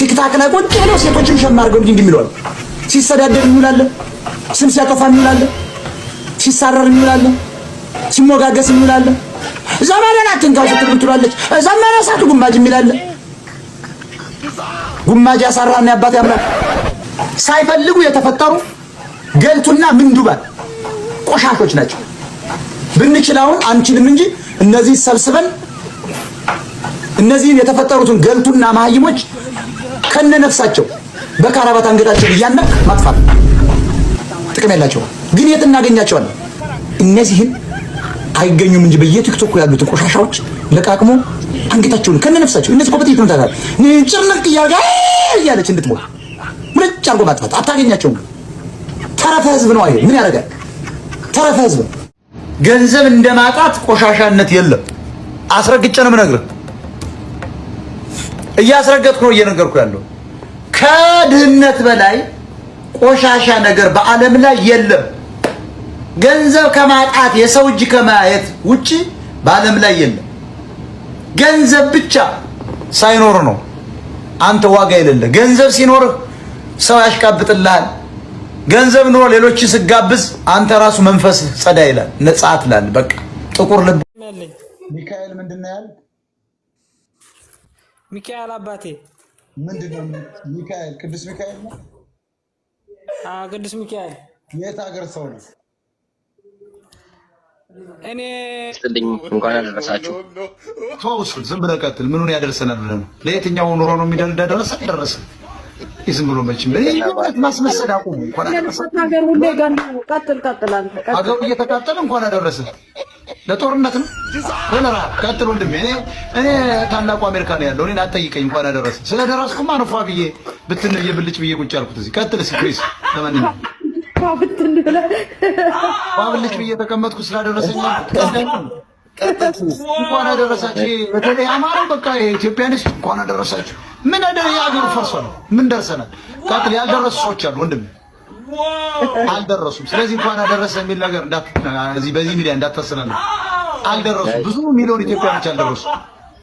ቲክታክ ላይ ቁጭ ብለው ሴቶችን ሸማርገው አድርገው እንዲህ የሚለዋል። ሲሰዳደብ የሚውላለ፣ ስም ሲያጠፋ የሚውላለ፣ ሲሳረር የሚውላለ፣ ሲሞጋገስ የሚውላለ። ዘመነን አትንካው ስትል ትሏለች። ዘመነ እሳቱ ጉማጅ የሚላለ ጉማጅ ያሳራና ያባት ያምራል። ሳይፈልጉ የተፈጠሩ ገልቱና ምንዱባል ቆሻሾች ናቸው። ብንችል አሁን አንችልም እንጂ እነዚህ ሰብስበን እነዚህን የተፈጠሩትን ገልቱና መሀይሞች ከነ ነፍሳቸው በካራባት አንገታቸው እያነቅ ማጥፋት ጥቅም ያላቸው ግን የት እናገኛቸዋለን? እነዚህን አይገኙም እንጂ በየቲክቶክ ያሉትን ቆሻሻዎች ለቃቅሞ አንገታቸውን ከነ ነፍሳቸው እነዚህ ኮበት ይተምታታል ንጭርንቅ እያጋ እያለች እንድትሞት ሙልጭ አርጎ ማጥፋት አታገኛቸውም። ተረፈ ህዝብ ነው። አይሄ ምን ያደርጋል? ተረፈ ህዝብ ገንዘብ እንደማጣት ቆሻሻነት የለም። አስረግጬ ነው የምነግርህ። እያስረገጥኩ ነው እየነገርኩ ያለው። ከድህነት በላይ ቆሻሻ ነገር በዓለም ላይ የለም። ገንዘብ ከማጣት የሰው እጅ ከማየት ውጪ በዓለም ላይ የለም። ገንዘብ ብቻ ሳይኖር ነው አንተ ዋጋ የሌለ። ገንዘብ ሲኖርህ ሰው ያሽቃብጥልሃል። ገንዘብ ኖሮ ሌሎች ስጋብዝ አንተ ራሱ መንፈስ ጸዳ ይላል። ነጻት ላል በቃ ጥቁር ልብ ሚካኤል ምንድን ነው ሚካኤል አባቴ ምንድነው? ሚካኤል ቅዱስ ሚካኤል ነው። ቅዱስ ሚካኤል የት ሀገር ሰው ነው? እኔ እንኳን ያደረሳችሁ። ዝም ብለህ ቀጥል። ምኑን ያደርሰናል ብለህ ነው? ለየትኛው ኑሮ ነው የሚደርስ? ደረሰ ደረሰ። ዝም ብሎ መቼም ማስመሰል አቁሙ። እንኳን አደረሰ። ሀገሩ እየተቃጠለ እንኳን አደረሰ ለጦርነት ነው ወለራ ቀጥል ወንድሜ። እኔ እኔ ታላቁ አሜሪካ ነው ያለው። እኔን አትጠይቀኝ እንኳን አደረሰ። ስለደረስኩማ ነፏ ብዬ ብትን ብዬ ብልጭ ብዬ ቁጭ አልኩት እዚህ። ቀጥል እስኪ ፕሊዝ። ለማንኛውም ብልጭ ብዬ ተቀመጥኩ ስላደረሰኝ እንኳን አደረሳችሁ። በተለይ አማራው በቃ ኢትዮጵያንስ እንኳን አደረሳችሁ። ምን አደረ የአገሩ ፈርሶ ነው ምን ደርሰናል። ቀጥል። ያልደረሱ ሰዎች አሉ ወንድሜ አልደረሱም። ስለዚህ እንኳን አደረሰ የሚል ነገር በዚህ ሚዲያ እንዳታስተላልፍ። አልደረሱም። ብዙ ሚሊዮን ኢትዮጵያኖች አልደረሱም።